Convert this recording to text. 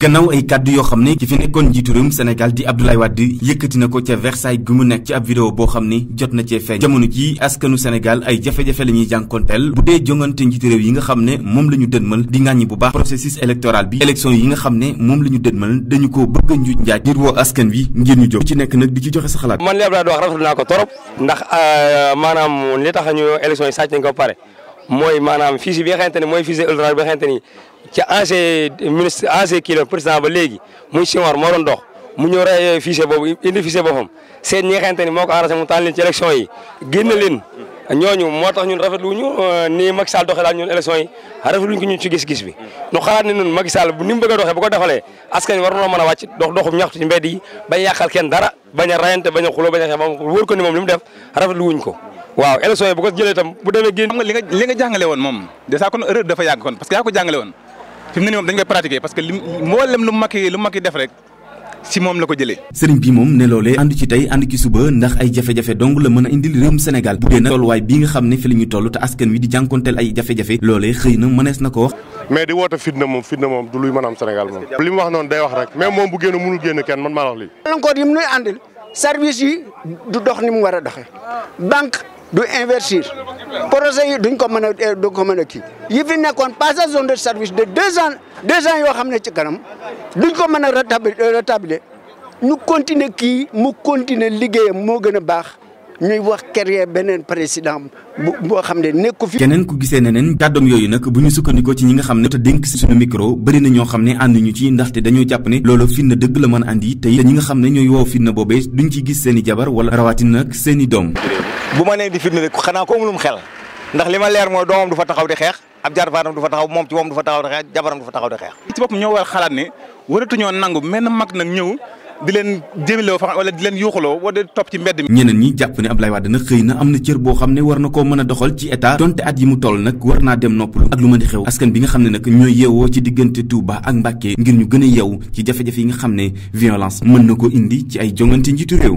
gannaaw ay kàddu yoo xam ne ki fi nekkoon njiitu réewum Sénégal di Abdoulaye Wade yëkkati na ko ca Versailles gu mu nekk ci ab vidéo boo xam ne jot na cee feeñ jamono ji askanu Sénégal ay jafe-jafe la ñuy jànkonteel bu dee jongante njiitu réew yi nga xam ne moom la ñu dënmal di ŋàññi bu baax processus électoral bi élection yi nga xam ne moom la ñu dënmal dañu ko bëgg a njuuj njaaj ngir woo askan wi ngir ñu jóg ci nekk nag di ci joxe sa xalaat man li naa ko torop ndax euh, maanaam li tax ñu élection yi sàcc nañ pare mooy maanaam fichier bi nga xamante ne mooy fichier électoral bi nga xamante ni ca ancien ministre ancien kii la président ba léegi muy Senghor moo doon dox mu ñëw rey euh, fichier boobu indi fichier seen ñi nga xamante ni moo ko arrangé mu tànn leen ci élection yi génn leen ñooñu moo tax ñun rafetlu ñu euh, ni Macky Sall doxee daal ñun élection yi rafetlu ñu ko ñun ci gis-gis bi ñu xalaat ne ñun Macky Sall bu ni mu bëgg a doxee bu ko defalee askan war na mën a wàcc dox doxum ñaxtu ci mbedd yi bañ yàqal kenn dara bañ a rayante bañ a xuloo bañ a xeex wóor ko ni moom li mu def rafetlu wuñ ko waaw élection yi bu ko jëlee itam bu demee génn xam nga li nga jàngale woon moom dafa yàgg kon parce que yaa ko jàngale woon fi ne nii moom dañ koy pratiquer parce que li mboolem lu makki lu makki def rek si moom la ko jëlee. bi moom a bu ne fi la ñu toll a am Sénégal moom li mu wax noonu day wax rek même moom bu génn mënul génn kenn man maa wax lii. lankoor yi mu nuy àndil service yi du dox ni mu war a doxee du investir projet yi duñ ko mën a eh, duñ ko mën a kii yi fi nekkoon passage zone de service de deux ans deux ans yoo xam ne ci kanam duñ ko mën a euh, rétablir ñu continuer kii mu continuer liggéeyam moo gën a baax ñuy wax créer beneen président bu xam ne nekku fi. keneen ku gisee neneen kàddoom yooyu nag bu ñu sukkandikoo ci ñi nga xam ne te dénk si suñu micro bëri na ñoo xam ne ànd ñu ci ndaxte dañoo jàpp ne loolu fitna dëgg la mën a andi te ñi nga xam ne ñooy woow fitna boobee duñ ci gis seen jabar wala rawatina nag seen i bu ma nee di firnde rek xanaa ko amulum xel ndax li ma leer mooy doomam du fa taxaw di xeex ab jarabaatam du fa taxaw moom ci moom du fa taxaw di xeex jabaram du fa taxaw di xeex. ci boppam ñoo war xalaat ne waratuñoo nangu menn mag nag ñëw di leen jëmiloo fa wala di leen yuuxuloo wala di topp ci mbedd mi. ñeneen ñi jàpp ne Abdoulaye Wade nag xëy na am na cër boo xam ne war na koo mën a doxal ci état donte at yi mu toll nag war naa dem nopp ak lu mën di xew askan bi nga xam ne nag ñooy yeewoo ci diggante Touba ak Mbacké ngir ñu gën a yeewu ci jafe yi nga xam ne violence mën na ko indi ci ay jongante njiitu réew